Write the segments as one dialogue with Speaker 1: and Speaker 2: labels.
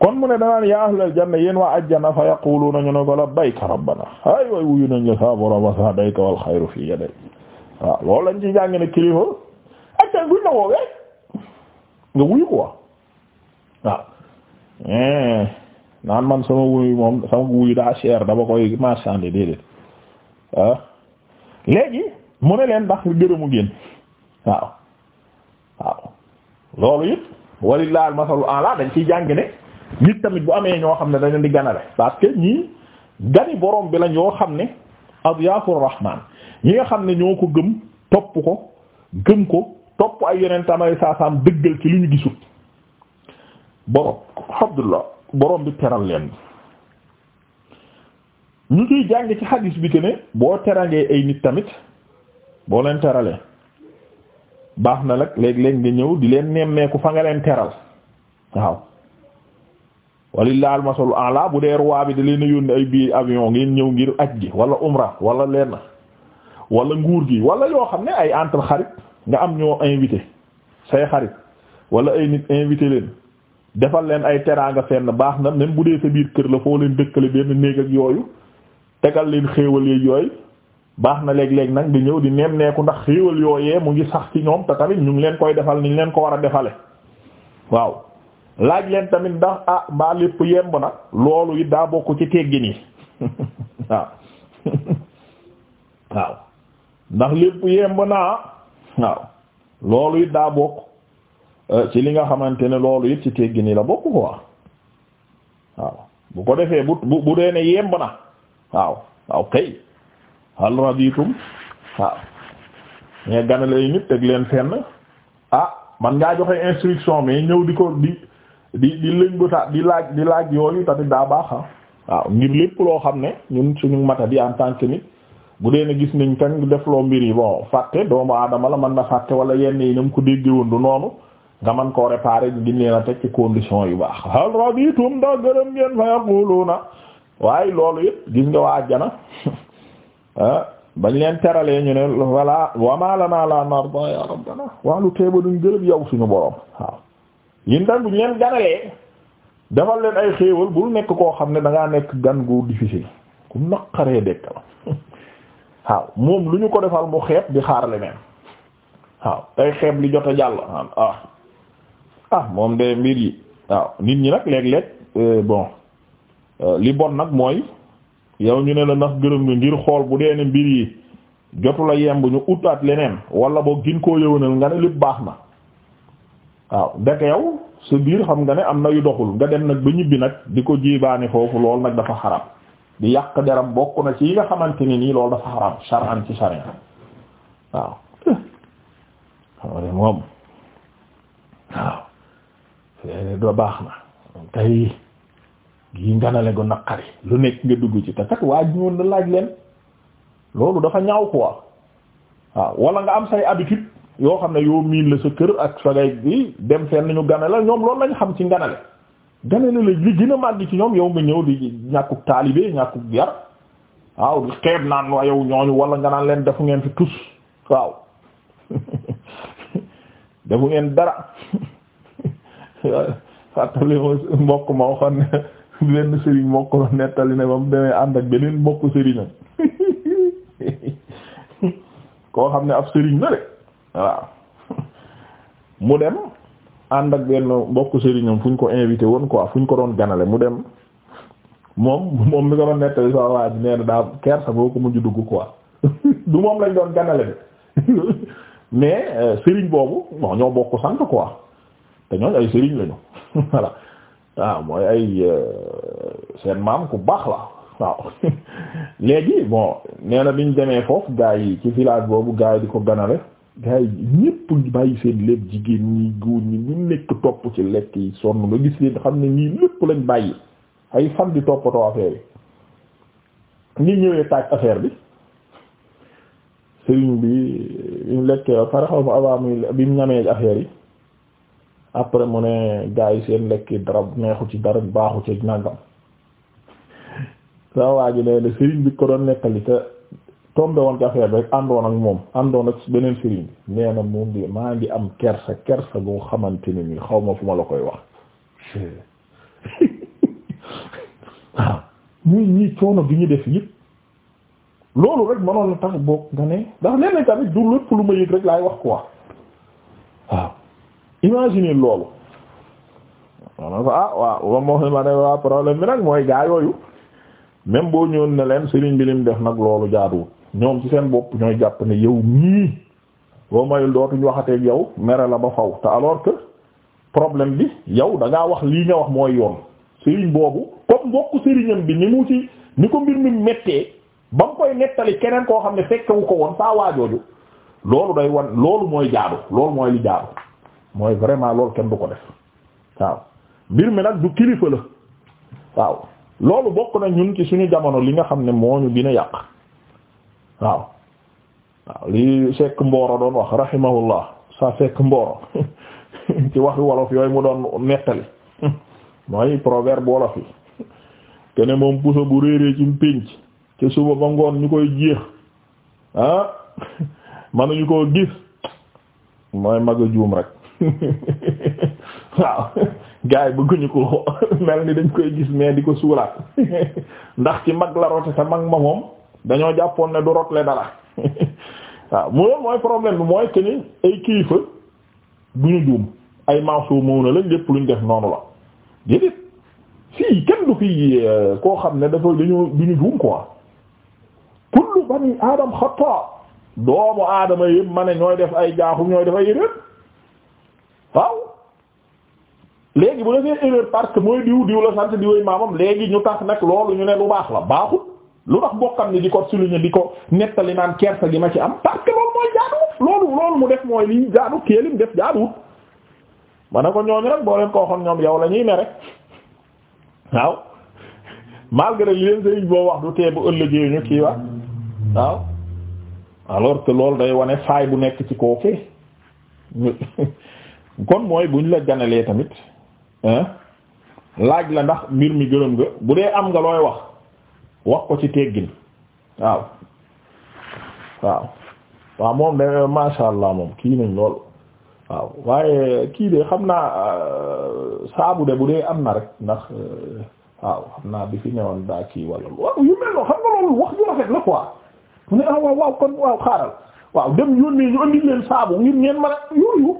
Speaker 1: kon mu ne danaan yaa ahlal janna yéen waa ajjana fa yaquluuna ñu ne ko labbayka rabbana ay way wuyu nañ la sa borom wa sa'dayka wal xayru fi yaday waaw loolu ci jàng ne ajjan buñ la woowee nga wuyu ko waaw eh, naan man sama wuyu moom sama wuyu daa cher dama koy marchander déedéet ah mu ne leen ndax gërëmu ngeen waaw waaw loolu it walillahi al masalu ala dañ ciy jàng nit tamit bu amee ñoo xam ne dañu di gana parce que ñii gani borom bi lañ yoo xam ne adyaafur rahman ñi nga xam ne ñoo ko gëm topp ko gëm ko topp ay yeneen ay saasaam dëggal ci lu ñu gisul borom la boroom bi teral leen ñu ciy jàng ci xadis bi que ne boo terangee ay nit tamit boo leen teralee baax na nag léeg leen nga ñëw di leen nemmeeku fa nga leen teral waaw laal walillahi en la bu dee roi bi da leen a yónni ay bii avion ngeen ñëw ngir aj gi wala umra wala leen wala nguur gi wala yoo xam ne ay entre xarit nga am ñoo invité say xarit wala ay nit invité leen defal leen ay teraanga fenn baax na même bu dee sa biir kër la foo leen dëkkale benn néeg ak yooyu tegal leen xéewal yooyu baax na léeg-léeg nag di ñëw di neem neeku ndax xéewal yooyee mu ngi sax ci ñoom te tamit ñu ngi leen koy defal ni ñu leen ko war a defale waaw laaj leen tamit ndax ah mbaa lépp yemb na loolu it daa bokk ci teggin yi waaw waaw ndax lépp yemb naa waaw loolu it daa bokk euh, ci li nga xamante ne loolu it ci teggin yi la bokk quoi waaw bu ko defee bu bu bu dee ne yemb na waaw waaw kay hal raditum waaw mais ganale nit teg leen fenn a ah, man ngaa joxe instruction mais ñëw di ko di. di di lëñbëtaat di laaj di laaj yooyu tamit daa baax ah waaw ngir lépp loo xam ne ñun suñu mata di en tant nit bu dee ne gis nañ kañ def loo mbir yi bon fàtte doomu aadama la man na fàtte wala yenn yi nam ko déggee woon du noonu nga mën koo réparer di leen a teg ci condition yu baax hal raditum ndax gërëm ngeen fa yaquluna waaye loolu yëpp gis nga waa ajjana ah, bañ leen teralee ñu ne voilà wama lana la narda ya rabbana waalu teeba duñ gërëm yow suñu borom yéen daal bu ñu leen ganalee defal leen ay xéewal bul nekk koo xam ne da nekk gan gu difficile ku naqaree dëkk la waaw moom lu ñu ko defal mu xeeb di xaar leneen waaw tey xeeb li jot a jàll ah ah moom de mbir yi waaw nit ñi nag léeg-léeg euh, bon euh, li bon nag mooy yow ñu ne la ndax gërëm nga ngir xool bu dee ne mbir yi jotu la yemb ñu utaat leneen wala boo gin koo yëwanal nga ne lépp baax na. waaw ndeke yow sa biir xam nga ne am na yu doxul nga dem nag ba ñibbi nag di ko jiibaane foofu lool nag dafa xaram di yàq deram bokk na ci yi nga xamante ni nii loolu dafa xaram charan ci charin waaw moom waaw baax na tey gi nganale gu naqari lu nekk nga dugg ci te waa ji laaj leen loolu dafa ñaaw quoi waaw wala nga am say habitude yoo xam ne yoo miin la sa kër ak sa ngay bi dem fenn ñu ganale la ñoom loolu lañ xam ci ganale ganale la li gën a màgg ci ñoom yow nga ñëw di ñàkkuk taalibe ñàkkuk yar waaw di xeeb naan waa yow ñooñu wala nga naan leen defu ngeen fi tus waaw defu ngeen dara fàttali mbokk ma waxoon ne benn sëriñ mbokk la nettali ne ba mu demee ànd ak beneen mbokk sëriñam koo xam ne ab sëriñ la de waaw mu dem ànd ak benn bokk sëriñam fu ñu ko invité woon quoi fu ñu ko doon ganale mu dem moom moom mi ko doon nettali sa waa ji nee daa kersa boo ko mujj dugg quoi moom lañ doon ganale bi mais euh, sëriñ boobu bon ñoo bokk sant quoi te ñooñ ay sëriñ lañu voilà waaw ah, mooy ay euh, seen maam ku baax la waaw léegi bon nee na biñ demee foofu gaa yi ci village boobu gaa yi di ko ganale gars yi ñëpp bàyyi seen lépp jigéen ñi góor ñi ñu nekk topp ci lekk yi sonn ma gis leen xam ne ñii lépp lañ bàyyi ay fan di toppatoo affaire yi ngi ñëwee taaj affaire bi sëriñ bi ñu lekkee ba pare xaw ma avant bi ñamee affaire yi après mu ne gars yi seen lekk dara neexu ci dara baaxu ci nangam saa waa ji nee na sëriñ bi ko doon nekkali te tombe woon ci affaire bi àndoon ak moom àndoon ak beneen sëriñ bi nee na moom di maa ngi am kersa kersa boo xamante ne nii xaw ma ma la koy wax waaw ah, muy ñii def yëpp loolu rek tax boog nga ne ndax nee laay wax quoi ah, ah, waaw imagine loolu wa moo ma ne waa problème nag boo ñëwoon ne leen sëriñ bi lim def nag loolu jaaduwul ñoom ci seen bopp ñooy jàpp ne yow mii boo mayul dootuñ waxateeg yow mere la ba faw te alors que problème bi yow dangaa wax lii nga wax mooy yoon sëriñ boobu comme mbokk sëriñam bi ni mu ci ni ko mbir mi méttee ba mu koy nettali keneen koo xam ne fekkewu ko woon saa waajooju loolu day wan loolu mooy jaadu loolu mooy li jaadu mooy vraiment loolu kenn du ko def waaw mbir mi nag du kilifa la waaw loolu bokk na ñun ci suñu jamono li nga xam ne moo ñu waaw waaw li Seck Mboro doon wax rahimahullah sa Seck Mboro ci waxi wolof yooyu mu doon nettali mooy proverbe wolof yi te moom puso bu réeree ci pénc te suba ba ngoon ñu koy jeex ah manuñu koo gis mooy mag a juum rek waaw gars yi bëgguñu ko mel ni dañ koy gis mais di ko suulaat ndax ci mag la rote sa mag ma moom dañoo jàppoon ne du rotle dara waaw mu loolu mooy problème bi mooy que ni ay kilifa du ñu juum ay maaso moo na lañ lépp luñ def noonu la déedéet fii kenn du fi euh, koo xam ne dafa dañoo du ñu juum quoi kullu bani aadam xata doomu aadama yëpp ma ne ñooy def ay jaaxum ñooy def ay erreur waaw léegi bu defee erreur parce que mooy diw diw la sant diwéy maamam léegi ñu tax nag loolu ñu ne lu baax la baaxut lu tax bokkam ni di ko souligner di ko nettali naan kersa gi ma ci am parce loolu mooy jaaduwut loolu loolu mu def mooy lii jaadu kéelim def jaaduwut ma ne ko ñooñu rek boo leen ko yow la ñuy mere waaw malgré wax du tee bu ëllëgee ñu kii wax waaw alors que loolu day wane faay bu nekk ci kooke kon mooy bu ñu la ganalee tamit laaj la ndax mbir mi gërëm nga bu dee am nga looy wax wax ko ci teggin waaw waaw waaw moom de masha allah moom kii nañ lool waaw waaye kii de xam naa euh, saabu de bu dee am na rek ndax euh, waaw xam naa bi fi newoon daa kii wala waaw yu mel noonu xam nga loolu wax ju rafet la quoi mu ne ah, waaw kon waaw xaaral waaw dem yónnee ñu andi leen saabu ngir ngeen mën a yooyu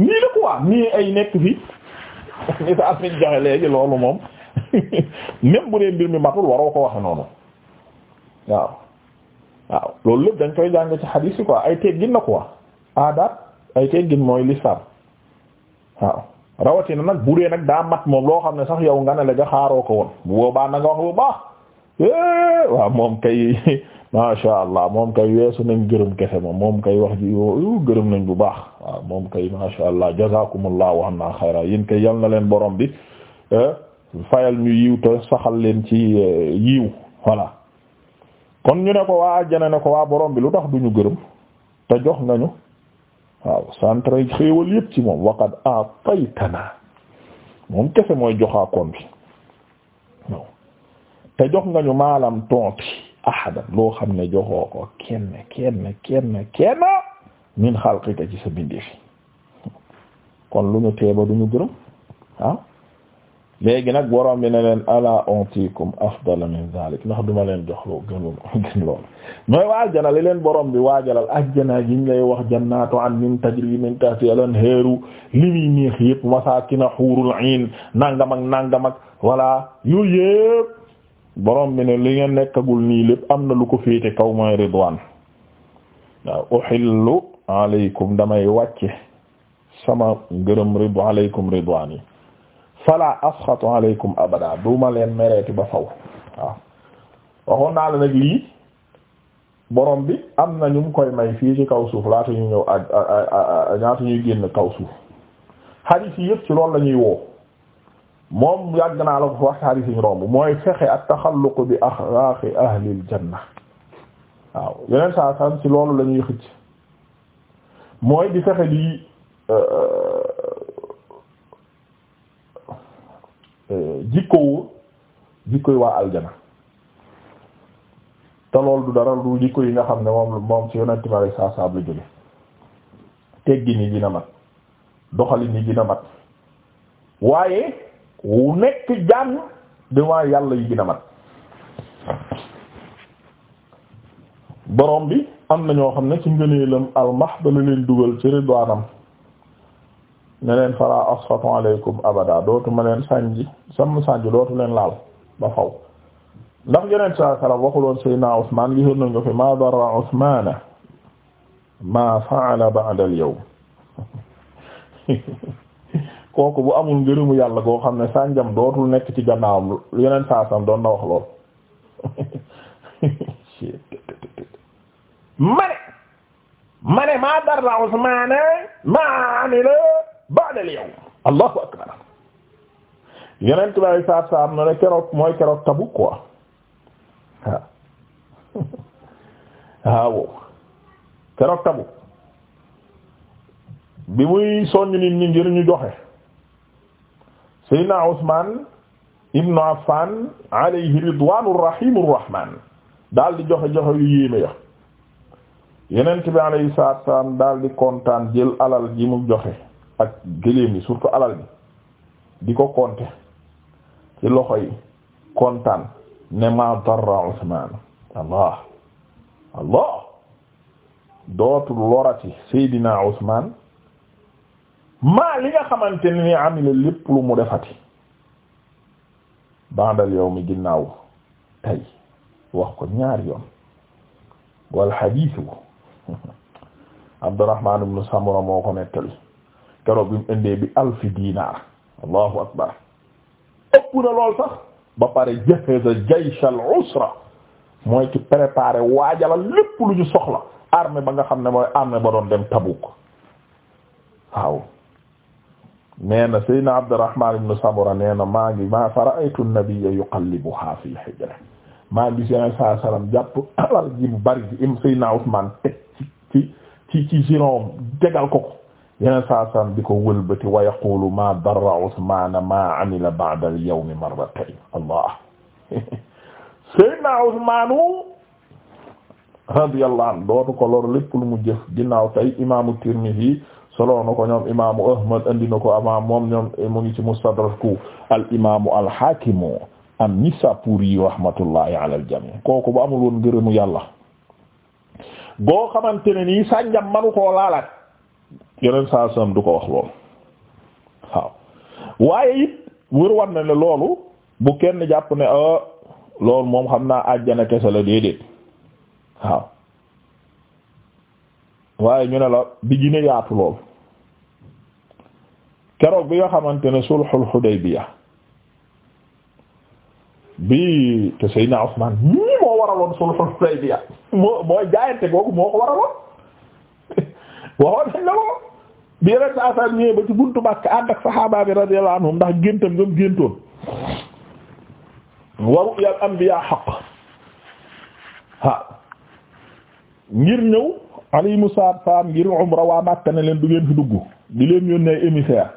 Speaker 1: nii la quoi nii ay nekk fi ni sa am joxe léegi loolu moom même bu dee mbir mi matul waroo ko waxe noonu waaw waaw loolu lépp dañ koy jàng ci xadiis yi quoi ay teggin la quoi aadaat ay teggin mooy lislaam waaw rawatina nag bu dee nag daa mat moom loo xam ne sax yow nga ne la nga xaaroo ko woon bu boobaa na nga wax bu baax eh, waaw moom kay masha allah moom kay weesu nañ gërëm kese moom moom kay wax ji gërëm nañ bu baax waaw moom kay masha allah jazakumullahu anna xayra yéen kay yal na leen borom bi eh, fayal ñu yiw te saxal leen ci euh, yiw voilà kon ñu ne ko waa àjjana ne ko waa boroom bi lu tax duñu gërëm te jox nga ñu waaw centre xéewal yépp ci moom waqad ataytana moom kese mooy joxaakoon bi te jox nga ñu maalam tonti ahadan loo xam ne joxoo ko kenn kenn kenn kenn min xalqika ci sa bindee fi kon lu ñu teeba duñu gërëm waaw ah? leegi nag borom bi ne leen ala ontikum afdala min zalik ndax duma leen jox lu gënul gën lool mooy waa aljana li leen borom bi waajalal aljana yiñ lay wax jannatu adnin tajri min tahtiha al-anhaaru li muy neex yëpp masaakina xuurul ayn nangam ak nangam ak voilà yooyu yëpp borom ne li ngeen nekkagul nii lépp am na lu ko féete kaw mooy ridwaan waaw uhillu alaykum damay fala asxatu aleykum abada duma leen mereeti ba faw waaw waxoon naa la nag lii borom bi am na ñu mu koy may fii ci kaw suuf laata ñu ñëw ak ñaata ñuy génn kaw suuf hadith yi yëpp ci loolu la ñuy moom yàgg naa la ko wax hadith yi ñu romb mooy fexe at taxalluq bi axlaaqi ahlil janna waaw yeneen saa san ci loolu lañuy ñuy xëcc mooy di fexe di euh, jikkowul jikkoy waa aljana te lool du dara du jikko yi nga xam ne moom moom ci yonenti ma rek saa saab la jóge teggi ni dina mat doxali ni dina mat waaye wu nekk jànn devant yàlla yi dina mat borom bi am na ñoo xam ne ci ngëneelam almax dana leen dugal ci ridwaanam ne leen fala sa alaykum abada dootuma leen sànji sam sànji dootu leen laal ba faw ndax yeneen saa salam waxuloon Seydina Usmaan gisoon nañ ko fi ma darra Usmaana ma fa'ala ba'da amul ngërëmu yàlla goo xam ne sànjam dootul nekk ci gannaawam yeneen saa salam ma darra Usmaana ba'da al-yawm allahu akbar yeneen tubaab yi saa saa keroog mooy keroog tabu quoi waaw keroog tabu bi muy soññ nit ñi ngir ñu joxe Seydina Usmaan ibnu Affaan alayhi ridwaanu rahiimu rahmaan daal di joxe joxe yu yéeme ya yeneen bi alayhi kontaan jël alal ji mu joxe ak gëléem yi surtout alal bi di ko compter ci loxo yi kontaan ne ma darra Usmaan allah allah dootul lorati Seydina Usmaan maa li nga xamante ni amila lépp lu mu defati bandal yow mi ginnaaw tey wax ko ñaar yoon wal xadiisu Abdurrahmaan ibn Samura moo ko nettali keroog bi mu indee bi alfi diinaar allahu akbar ëpp na lool sax ba pare jahaza jaysh al usra mooy ci préparer waajalal lépp lu ñu soxla armée ba nga xam ne mooy armée ba doon dem Tabuk waaw nee na saydna Abdurrahman ibn Samura nee na maa ngi maa fa ra'aytu an-nabiyya yuqallibuha fi ngi seen saa salaam alal ji bari ji im saydna ci ci ci ci giron ko yeneen saa saam ko wëlbati wa yaqulu ma darra Usmaan ma amila ba'da al-yawmi marratayn allah Seydina Usmaanu radiyallahu anhu dootu ko lor lépp lu mu jëf ginnaaw tey imaamu Tirmidhi solo na ko ñoom Ahmad andi na ko amaam moom ñoom mu ngi ci mustadraku al imaamu al rahmatullahi ala al jamii kooku bu amul woon ngërëmu yàlla goo xamante ne nii sànjam manu koo laalaat yeneen saa sam du ko wax lool waaw waaye it wër war na ne loolu bu kenn jàpp ne ah loolu moom xam naa àjjana kese la déedéet waaw waaye ñu ne la bi gine yaatu lool keroog bi nga xamante ne sulhul Hudaybiya bi te Seydina Usmaan ñii moo waraloon sulhul Hudaybiya moo mooy jaayante googu moo ko waraloon waxoon nañ la ko bi yeneen saa saa ñëwee ba ci buntu Makka ànd ak saxaaba bi radiyallahu anhum ndax géntam gam géntoon wa ru'yal anbiya haqq ngir ñëw alayhimu salaam ngir umra waa Makka ne leen du ngeen fi dugg di leen yónnee émissaire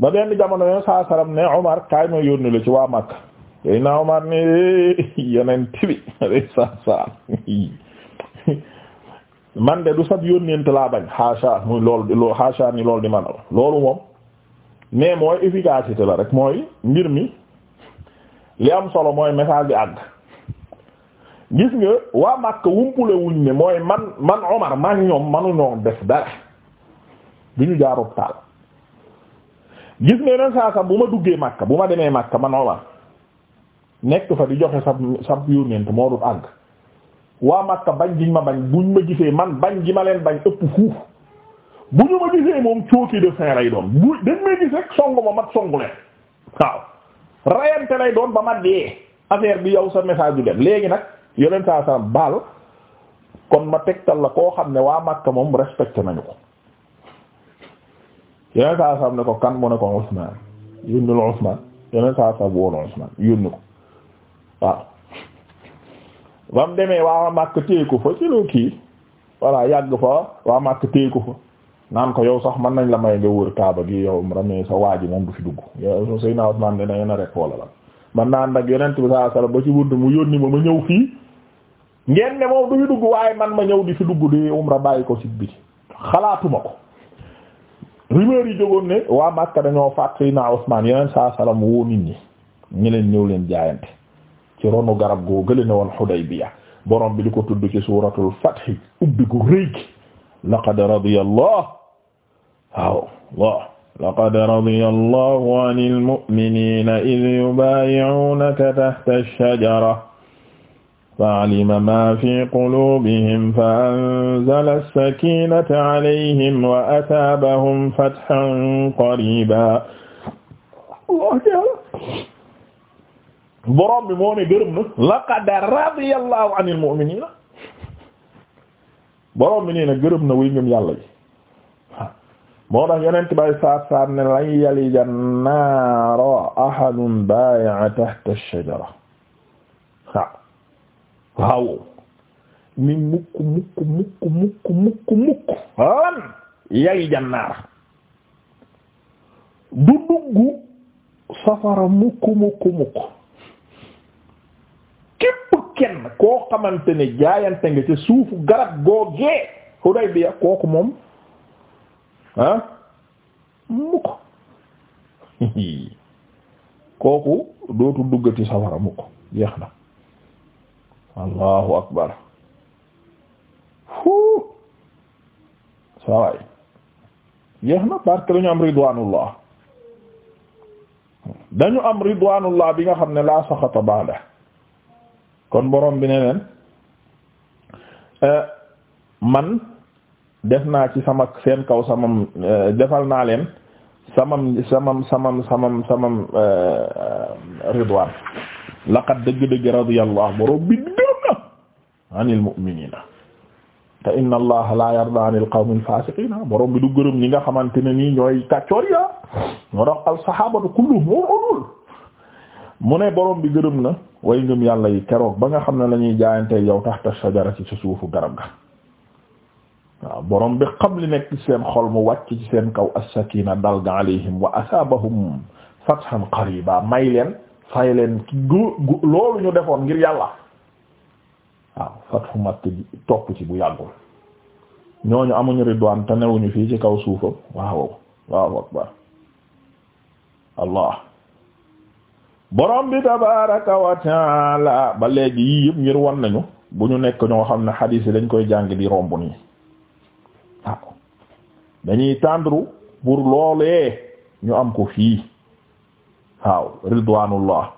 Speaker 1: ba benn jamono yoon saa saram ne Omar kaay ma yónni la ci waa Makka tey naa Omar ne eh, yeneen tibi alayhi man de du sab yónnent laa bañ xaasa muy lool lool lool di loolu moom mais mooy efficacité la rek mooy mbir mi li am solo mooy message bi àgg gis nga waa Makka wumpule wuñ ne mooy man man Omar man ñoom manuñoo def dara du ñu jaarul taal gis nga yeneen saa sax bu ma duggee Makka bu ma demee Makka man Omar nekk fa di joxe sab sab yónnent moo dul àgg waa Makka bañ giñ ma bañ buñ ma gisee man bañ gi ma leen bañ ëpp fuuf bu ñu ma gisee moom cooki de fin lay doon bu dañ may gis rek songu ma mat songu leen waaw rayante lay doon ba ma dee affaire bi yow sa message du leen léegi nag yoleen saa sa baal kon ma tegtal la koo xam ne waa Makka moom respecté nañu ko yeneen saa saam ne ko kan mu ne ko Usman yónnil Usman yeneen saa saam woon Usman yónni ko ba mu demee waa màkk téye ko fa ci lu kii voilà yàgg fa waa màkk téye ko fa naan ko yow sax mën nañ la may nga wër kaaba gi yow ramee sa waa ji moom du fi dugg yow sëy naa Usmaan dina a rek wala la man naan nag yonent bi saa ci wudd mu yónni ma ma ñëw fii ngeen ne moom du fi dugg waaye man ma ñëw di fi dugg di umra bàyyi ko ci biti xalaatuma ko rumeur yi jógoon ne waa Makka dañoo faat sëy naa Usmaan yeneen saa sala mu woo nit ñi ñi leen ñëw leen jaayante ci ronu garab goo gële ne woon Hudaybiya borom bi di ko tudd ci suuratul Fath ubbi gu rëy gi laqad radiyallahu waaw waaw laqad radiyallahu anil mu'minina idh yubayi'unaka tahta ash-shajara fa'alima ma fi qulubihim fa'anzala as-sakinata 'alayhim wa athaabahum fathan qariiba borom bi moo ne gërëm na laqad radiyallahu anil mu'minina borom bi nee na gërëm na wuy ngëm yàlla bi moo tax bay saat saat ne lan yalija naara ahadun baaya'a tahta ash-shajara waaw waaw ni mukk mukk mukk mukk mukk mukk lan yalija naara du dugg safara mukk mukk mukk kenn koo xamante ne jaayante nga ca suufu garab googee Hudaybiya kooku moom ah mukk kooku dootu duggati safara mukk jeex na allahu akbar fuu sawaay jeex na parce dañu am ridwanullah dañu am ridwanullah bi nga xam ne la saxata ba'da kon boroom bi ne leen euh, man def naa ci sama seen kaw samam euh, defal naa leen samam samam samam samam samam euh, ridwaan laqad dëgg-dëgg radiyallahu borom bi gërëm na anil mu'minina te inna allaha la yarda anil qawmil fasiqina borom bi du gërëm nga xamante ne nii ñooy kàccoor ya ñoo tax al sahabatu kulluhum ulul mu ne borom bi gërëm na way ngëm yàlla yi keroog ba nga xam ne la ñuy jaayante yow taxta sajara ci sa suufu garab ga waaw borom bi xam li nekk ci seen xol mu wàcc seen kaw as-sakina dal ga alayhim wa asabahum fathan may leen fay leen loolu ñu defoon ngir yàlla waaw fathu matt topp ci bu yàggul ñooñu amuñu ridwaan te newuñu fii ci kaw suufam waaw waaw waaw allah borom bi tabaraka wa taala ba léegi yii yëpp ngir wan nañu bu ñu nekk ñoo xam ne xadiis yi koy jàng di romb nii waaw dañuy tàndru pour loolee ñu am ko fii waaw ridwanullah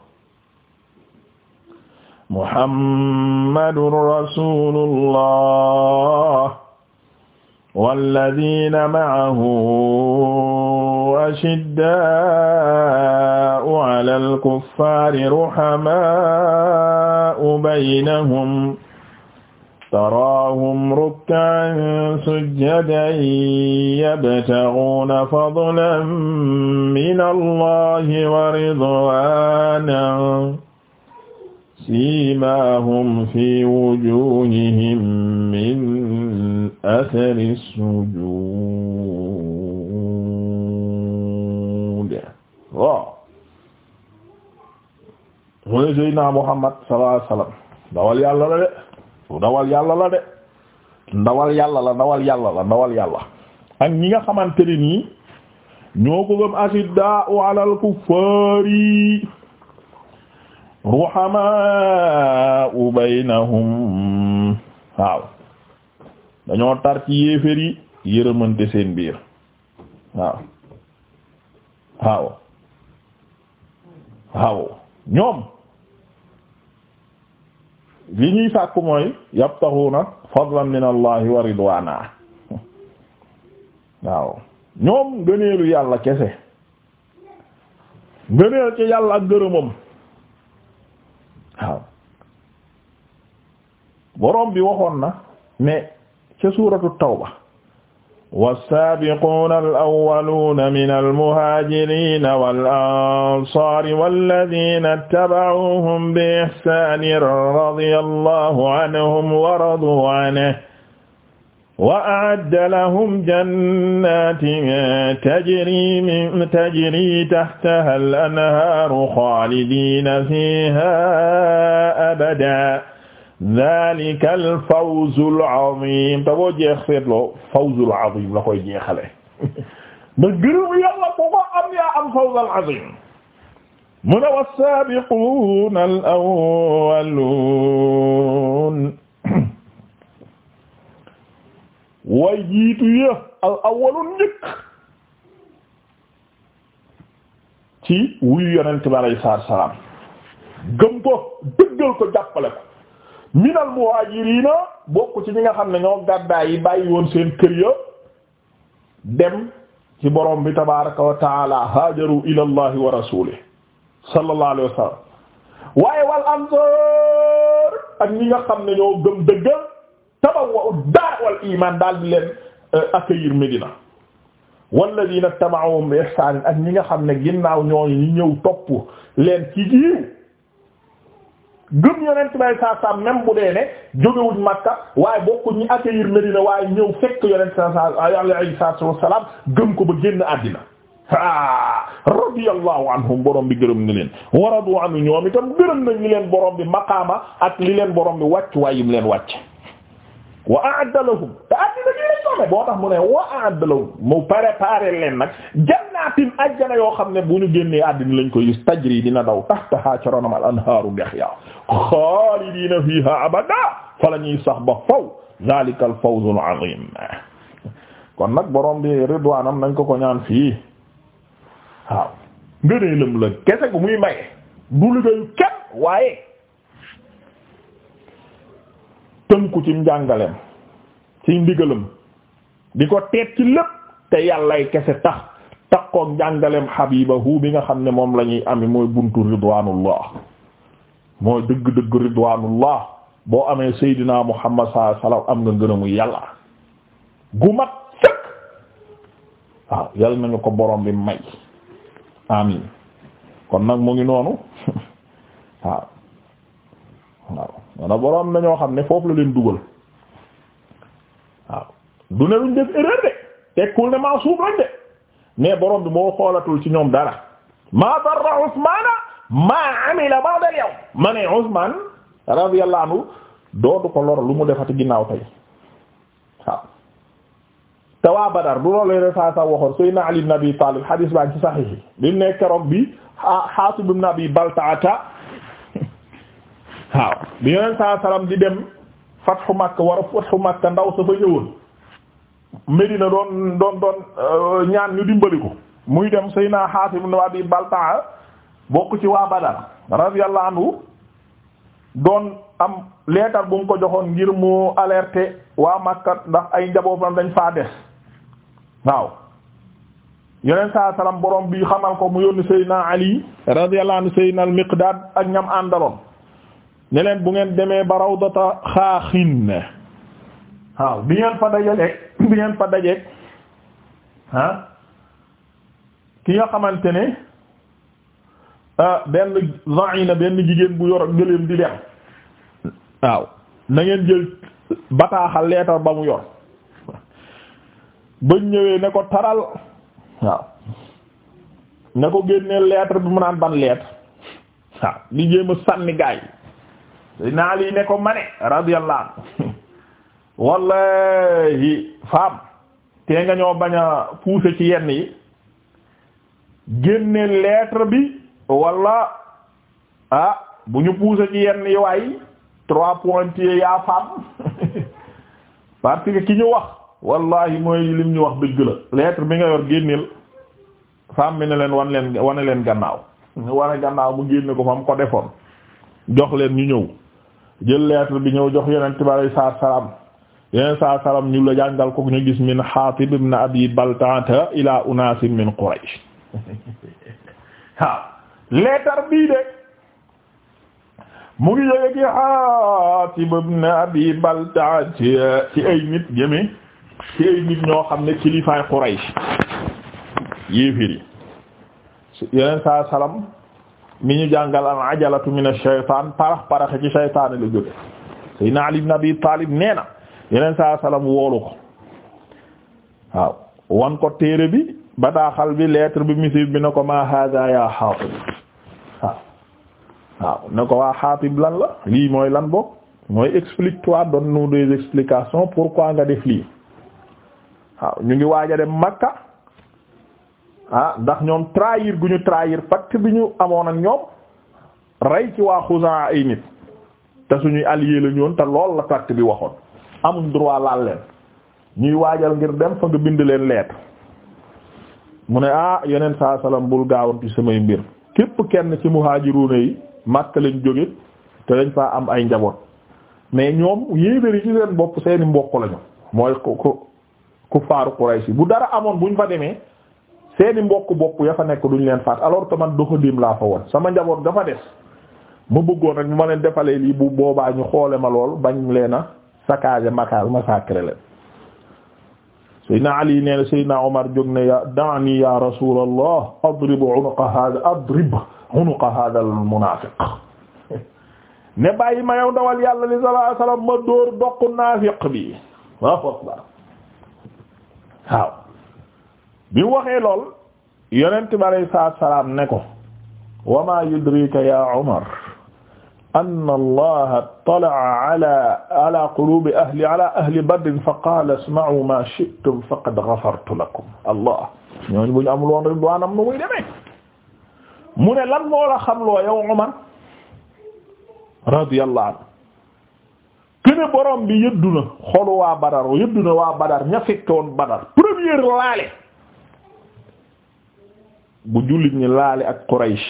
Speaker 1: muhammadur rasulullah walladina ma'ahu وأشداء على الكفار رحماء بينهم تراهم ركعا سجدا يبتغون فضلا من الله ورضوانا سيماهم في وجوههم من أثر السجود waaw mu ne Muhammad sallallahu alayhi ndawal yàlla la de ndawal yàlla la de ndawal yàlla la ndawal yàlla la ak ñi nga xamante ne nii ñoo ko gëm asidaa'u alal kuffaari ruhamaa'u baynahum waaw dañoo tar ci yi yërëmante seen biir waaw waaw waaw ñoom li ñuy sàkk mooy yabtaxuna fadlan min allahi wa ridwana waaw ñoom ngëneelu yàlla kese ngëneel ci yàlla ak gërëmam waaw boroom bi waxoon na mais ca taw tawba والسابقون الأولون من المهاجرين والأنصار والذين اتبعوهم بإحسان رضي الله عنهم ورضوا عنه وأعد لهم جنات تجري من تجري تحتها الأنهار خالدين فيها أبدا dhalika al fawzul azim te boo jeex seetloo fawzul azim la koy jeexale ndax gërëm yàlla bu ko mu ne was-sabiquna al awwalun way jiitu al awwalun njëkk ci wuyu yonent bi alayhi salaam gëm ko dëggal ko jàppale ko minal muhajirina bokk ci ñi nga xam ne ñoo gàddaay yi bàyyi woon seen kër dem ci borom bi tabaraka wa taala haajaru ila allahi wa rasulih sallallahu alayhi wa sallam waaye wal ansar ñi nga xam ne ñoo gëm dëggal tabawwa'u daar wal iman daal di leen eh, accueillir Médina walladina taba'uhum bi ihsaan ak ñi nga xam ne ginnaaw ñooñu ñi ñëw topp leen ci giiw gëm yonent bay saa saa même bu dee ne jógewuñ Makka waaye bokku ñi na Medina waaye ñëw fekk yonent saa saa alayhi salaatu wassalaam gëm ko ba génn àddina ah radiyallahu anhum borom bi gërëm na leen waradu anhu ñoom itam gërëm na li leen borom bi maqaama ak li leen borom bi wàcc waaye yim leen wàcc. wa a'adda lahum te àddina ñi lañ soxla boo tax mu ne wa a'adda lahum mu préparé leen nag jannatin ajjana yoo xam ne bu ñu génnee àddina lañ koy tajri dina daw tahtaha ca ronam al anhaaru ndex yaa xaalidiina fiiha abada fa la ñuy sax ba faw zalika al fawzu al azim kon nag borom bi ridwaanam nañ ko ko ñaan fii waaw ngëneelam la kese bu muy maye du liggéeyu kenn waaye tënku ci njàngaleem ci ndigalam di ko teet ci lépp te yàllay kese tax takkook njàngaleem habibahu bi nga xam ne moom la ñuy ami mooy buntu ridwanullah mooy dëgg-dëgg ridwanullah boo amee seydinaa muhammad sallallahu alayhi wasallam am nga ngërëmu yàlla gu mat sëkk waaw yàlla nañu ko borom bi may amin kon nag mu ngi noonu waaw waaw wala boroom na ñoo xam ne foofu la leen dugal waaw du ne luñ def erreur de tekkul ne maa suub lañ de mais boroom bi moo xoolatul ci ñoom dara maa darra Usmaana maa amila ba'da al-yawm ma ne Usmaan radiyallahu anhu dootu ko lor lu mu defati ginnaaw tey waaw te waa Badar du loolu yeneen saa saa waxoon Seydina Ali ibn Abi Talib hadis baa ngi ci saxiix yi bi mu nekk bi Haatib ibn Abi waaw bi yoneen saa salaam di dem fatxu Makka war a fatxu Makka ndaw sa fa ñëwoon Medina doon doon doon euh, ñaan ñu dimbali ko muy dem Seydina Xaasim ibn Abi Baltaa bokk ci waa Badar radiyallahu anhu doon am leetar bu mu ko joxoon ngir mu alerter waa Makka ndax ay njabootam dañ faa des waaw yeneen saa salaam borom bi xamal ko mu yónni Seydina Ali radiyallahu anhu Seydina al-Miqdad ak ñam àndaloon ne bu ngeen demee baraw rawdata xaaxin waaw bi ngeen fa dajeeg bi ngeen fa dajeeg ah ki nga xamante ne ah, benn zaina benn jigéen bu yor gëléem di dem waaw na ngeen jël bataaxal leetar ba mu yor ba ñëwee ne ko taral waaw ne ko génneel lettre bi mu naan ban lettre waaw li sànni gaay Seydina Ali ne ko mane radiyallahu anhu wallahi faam tee nga ñoo bañ a pousser ci yenn yi génne lettre bi wala ah bu ñu pousser ci yenn yi waay trois pointiers yaa faam parce que ki ñu wax wallahi mooy lim ñu wax dëgg la lettre bi nga yor génneel faam bi ne leen wan leen wane leen gannaaw wane gannaaw mu génne ko fa mu ko jox leen ñu ñëw jël lettre bi ñëw jox yonent bi alayhi salaatu salaam yonent salaatu salaam ñu la jàngal ko ñu gis min Haatib ibn Abi Baltaata ila unaasin min Quraysh waaw bii de mu ngi jóge ci Haatib ibn Abi Baltaata ci ay nit jëme ci ay nit ñoo xam ne kilifaay Quraysh yéefiri yonent salaatu salaam mi ñu jàngal al ajalatu min ash-shaytaan parax parax ci shaytaan la jóge Seydina Ali ibn Abi Talib nee yeneen saa salaam woolu ko waaw wan ko téere bi bataaxal bi lettre bi missive bi ne ko ma hada ya Haatib waaw waaw ne ko waa Haatib lan la lii mooy lan bokk mooy explique-toi donne-nous des explications pourquoi nga def lii waaw ñu ngi waaja a Makka ah ndax ñoom trahir gu ñu trahir pacte bi ñu amoon ak ñoom rey ci waa Xuzaa ay nit te suñuy alliés la ñu te lool la pacte bi waxoon amuñ droit laal leen ñuy waajal ngir dem fa nga bind leen lettre mu ne ah yeneen saa salaam bul gaawantu samay mbir képp kenn ci muhaajiruuna yi Makka lañ jóge te dañ faa am ay njaboot mais ñoom yéebéri ci seen bopp seeni mbokk lañu mooy ku ku ku faaru Quraysh bu dara amoon buñ fa demee. seeni mbokk bopp ya fa nekk duñ leen faat alors que man doxandiim laa fa woon sama njaboot ga fa des mu bëggoon rek bu ma leen defalee lii bu boobaa ñu xoole ma lool bañ leen a saccagé makaal massacré leen Ali nee na Seydina Omar jóg ne ya da'ni ya adrib unuqa hada adrib unuqa hada munafiq ne bàyyi ma yow dawal yàlla li sallallahu alayhi ma dóor doq naafiq bi waaw bi mu waxee lool salaam ne wa maa yudrika ya Umar anna allaha ittala'a ala ala ahli ala ahli badrin fa qaala isma'u maa shi'tum faqad ghafartu lakum allah ñooñu bu ñu amul woon ridwaanam nu muy demee mu ne lan moo la xamloo yow Umar radiyallahu anhu kene borom bi yëddu na xolu Badar yëddu na Badar ña fekke Badar première laale bu jullit ñi laale ak Quraysh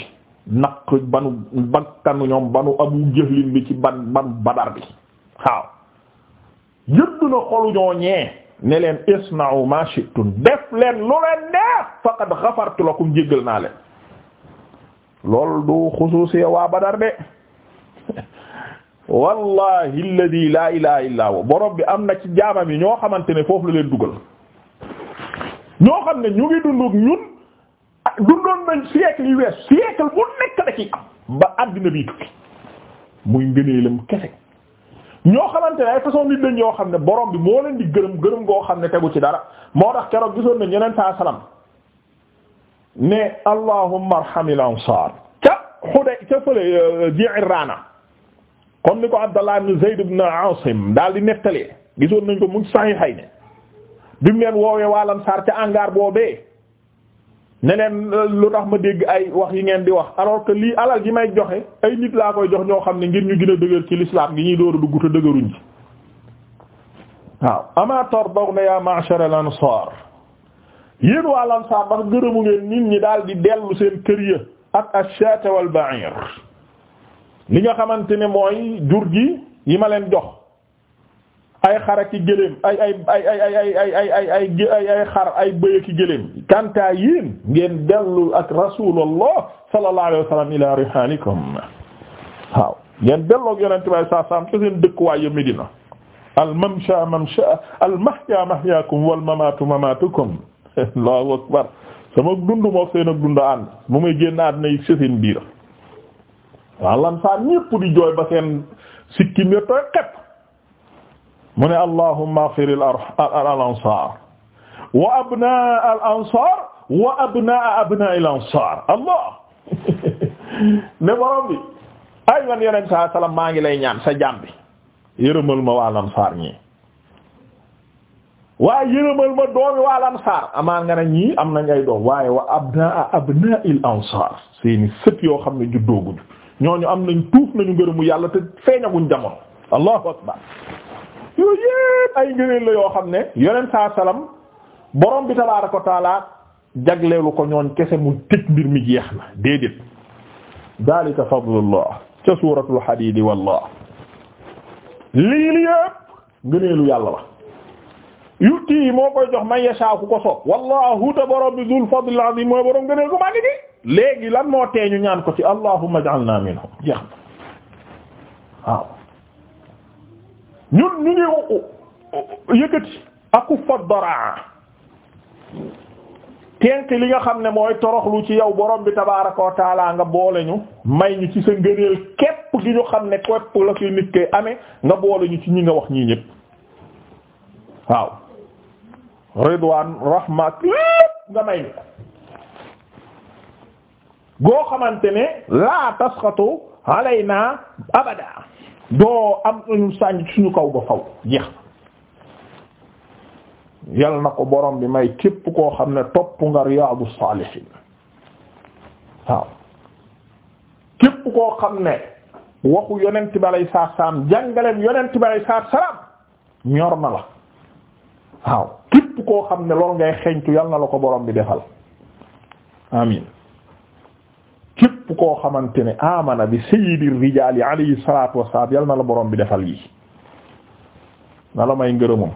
Speaker 1: naq banu bakkanu ñoom banu Abu Jahlin bi ci ban Badar bi waaw yëdd na xolu ñoo ñee ne leen isna'u ma shi'tum def leen lu leen def faqad ghafartu lakum jéggal naa leen lool du xusuusi waa Badar de wallahi alladhi la ilaha illa am na ci jaamam yi ñoo xamante ne foofu la leen dugal ñoo xam ne ñu ngi dunduk ñun dundoon nañ siècle yu wees siècle bu nekk da ci am ba àddina bi tukki muy ngëneelam kese ñoo xamante ne ay façon xam ne borom bi moo leen di gërëm gërëm goo xam ne tegu ci dara moo tax keroog gisoon nañ yeneen sa salaam ne allahumma arhamil ansar ca xude ca fële Ji'rana euh, comme ni ko Abdallah ibn Zayd ibn Asim daal di nettalee gisoon nañ ko mu saxiixay ne bi mu leen woowee Ansaar ca angaar boobee ne leen euh, lu tax ma dégg ay wax yi ngeen di wax alors que lii alal yi may joxe ay nit laa koy jox ñoo xam ne ngir ñu gën a dëgër ci l'islam gi ñuy dóoru dugg te dëgëruñ ci waaw ama tardawna ya ma'shar al-ansar yéen waa lansar ndax gërëmu ngeen nit ñi daal di dellu seen kër ya ak ash-shat wal li nga xamante ne mooy jur gi yi ma leen jox ay xara ki gëléem ay ay ay ay ay ay ay ay ay xar ay bëy ki gëléem kantaa yéen ngeen dellu ak rasulullah sallallahu alayhi ila rihalikum waaw ngeen delloog yonente bay saa saam seen dëkkuwaay ya Medina al mamsha mamsha al mahya mahyakum allahu akbar sama dund moo seen ak mu muy génn àddina yi seen biir waaw lan saa ñépp di jooy ba seen sikkim ya tooy xepp mu ne allahumma ighfir al ansar wa abnaa al ansar wa abnaa abnaa allah ne borom bi ay man yonent saa salaam maa ngi lay ñaan sa jàmbi bi yërëmal ma waa lansaar ñi waaye yërëmal ma doomi waa lansaar amaan nga ne ñii am nañ ay doom waaye wa abnaa abnaa il ansaar seeni sët yoo xam ne juddooguñu ñooñu am nañ tuuf nañu ngërëmu yàlla te feeñaguñ jamono allahu akbar yooyu yépp ay ngëneel la yoo xam ne yonen saa salaam borom bi tabaaraka wa taala jagleelu ko ñooñ kese mu tëj mbir mi jeex na déedéet dalika fadlullah ca suuratul hadiid wallah lii li yépp ngëneelu yàlla la yutti moo koy jox man yasha ko soob wallahu ta borom bi dul fadlil azim mooy borom ngëneel ko maa ngi léegi lan moo teeñu ñaan ko ci allahumma ij'alna minhum jeex na waaw ñun ñu ngi yëkkati aku faddaraa tenk li nga xam ne mooy toroxlu ci yow boroom bi tabaaraka wa nga boole ñu may ñu ci sa ngëneel képp gi ñu xam ne képp la koy nit koy nga boole ñu ci ñi nga wax ñii ñëpp waaw ridwaan rahma lépp nga may goo xamante ne laa tasxatu alayna abada doo am nañu sànj suñu kaw ba faw jeex yal na ko borom bi may képp koo xam ne topp nga riyaadu saalihiin waaw képp koo xam ne waxu yonent bi alayhi salaam jàngaleem yonent bi alayhi salaam ñor na la waaw képp koo xam ne lool ngay xeeñtu yàlla na la ko borom bi defal amin koo xamante ne amana bi sayyidi rijaal yi alayhi salaatu wassalaam yal na la borom bi defal yi na la may ngërëmam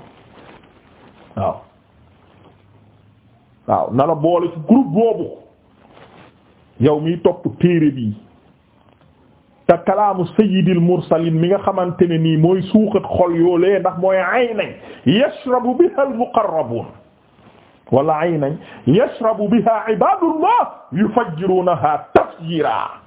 Speaker 1: waaw waaw na la boole ci groupe boobu yow miy topp téere bi te kalaamu sayyidil mursalin mi nga xamante ne nii mooy suuxat xol yoo ndax mooy aynan yashrabu biha al wala aynan yashrabu biha ibadullah yufajjirunaha tafjira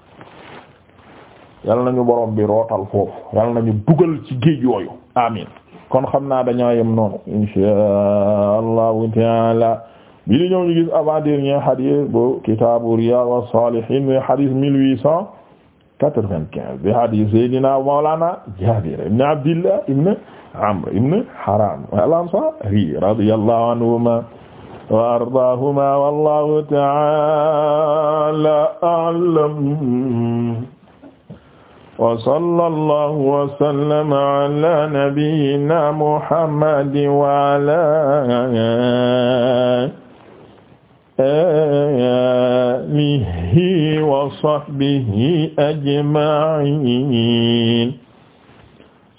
Speaker 1: yal nañu borom bi rootal foofu yal nañu dugal ci géej yooyu amin kon xam naa dañoo yem noonu insha allahu taala bi di ñëw ñu gis avant dernier hadith bu kitaabu riyaad wa saalihiin wa hadith mille huit cent quatre-vingt-quinze bi hadith seydina mawlana Jaabir ibn Abdillah ibn Amr ibn Haram al-Ansaari radiyallahu anhuma wa ardaahuma wallahu ta'ala a'lam wa sallallahu wa sallama ala nabiyyina muhammadin wa ala alihi wa sahbihi ajma'in